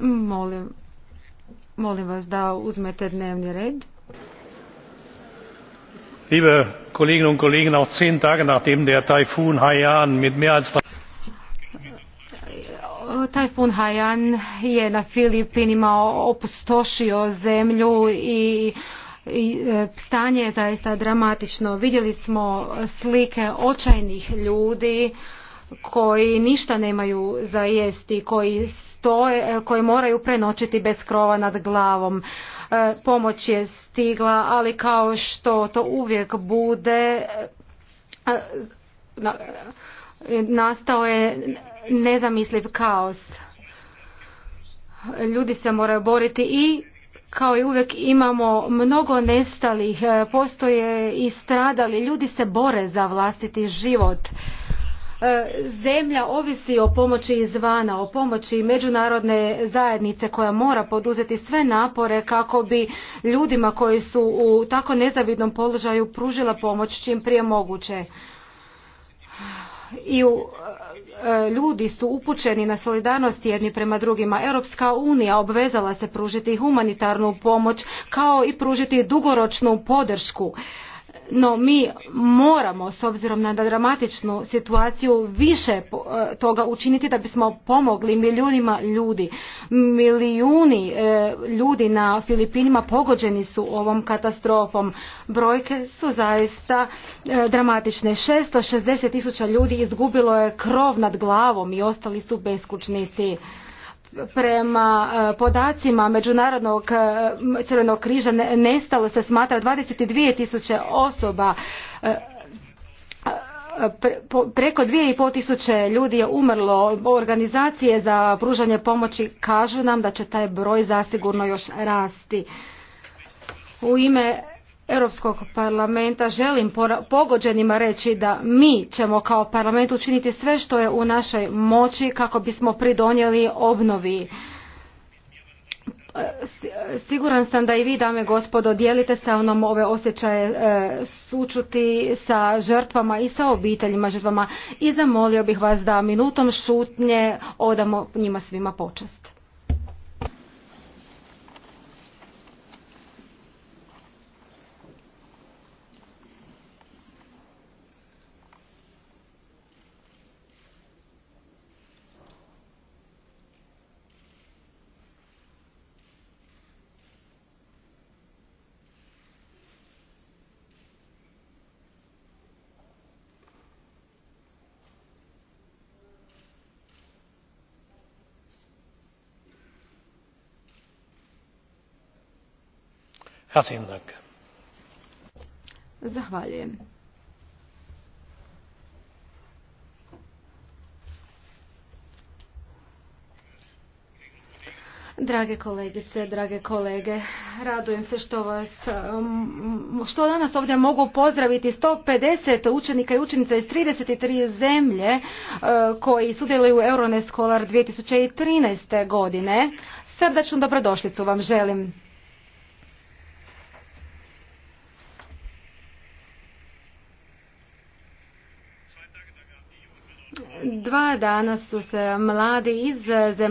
Molim, molim vas da uzmete dnevni red. Liebe Kolleginnen und Kollegen, auch zehn Tage nachdem der Taifun Haiyan mit mehr als Tajfun Haiyan je na Filipinima opustošio zemlju i e, stanje je zaista dramatično. Vidjeli smo slike očajnih ljudi koji ništa nemaju za jesti, koji, stoje, e, koji moraju prenoćiti bez krova nad glavom. E, pomoć je stigla, ali kao što to uvijek bude, e, nastao je nezamisliv kaos. Ljudi se moraju boriti i kao i uvijek imamo mnogo nestalih, postoje i stradali, ljudi se bore za vlastiti život. E, zemlja ovisi o pomoći izvana, o pomoći međunarodne zajednice koja mora poduzeti sve napore kako bi ljudima koji su u tako nezavidnom položaju pružila pomoć čim prije moguće. I u, e, ljudi su upućeni na solidarnost jedni prema drugima. Europska unija obvezala se pružiti humanitarnu pomoć kao i pružiti dugoročnu podršku no mi moramo s obzirom na dramatičnu situaciju više e, toga učiniti da bismo pomogli milijunima ljudi. Milijuni e, ljudi na Filipinima pogođeni su ovom katastrofom. Brojke su zaista e, dramatične. 660 tisuća ljudi izgubilo je krov nad glavom i ostali su beskućnici prema e, podacima Međunarodnog e, crvenog križa nestalo se smatra 22 tisuće osoba e, preko dvije tisuće ljudi je umrlo organizacije za pružanje pomoći kažu nam da će taj broj zasigurno još rasti u ime Europskog parlamenta želim pogođenima reći da mi ćemo kao parlament učiniti sve što je u našoj moći kako bismo pridonijeli obnovi. E, siguran sam da i vi, dame gospodo, dijelite sa mnom ove osjećaje e, sučuti sa žrtvama i sa obiteljima žrtvama i zamolio bih vas da minutom šutnje odamo njima svima počest. Herzlichen Dank. Zahvaljujem. Drage kolegice, drage kolege, radujem se što vas, um, što danas ovdje mogu pozdraviti 150 učenika i učenica iz 33 zemlje uh, koji sudjeluju u Euronescolar 2013. godine. Srdačnu dobrodošlicu vam želim. Dva dana su se mladi iz zemalja